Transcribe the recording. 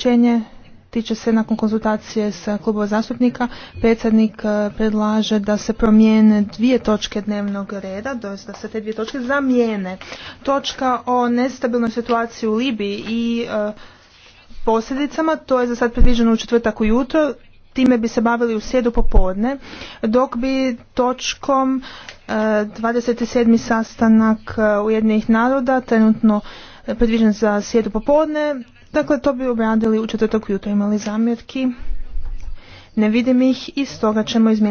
Priopćenje tiče se nakon konzultacije sa klubova zastupnika. Predsjednik e, predlaže da se promijene dvije točke dnevnog reda, da se te dvije točke zamijene. Točka o nestabilnoj situaciji u Libiji i e, posljedicama, to je za sad predviđeno u četvrtak ujutro, time bi se bavili u sjedu popodne, dok bi točkom 27. E, sastanak Ujedinjenih naroda trenutno predviđen za sjedu popodne, Dakle, to bi obradili u četvrtak jutro imali zamjerki. Ne vidim ih i stoga ćemo izmijeniti.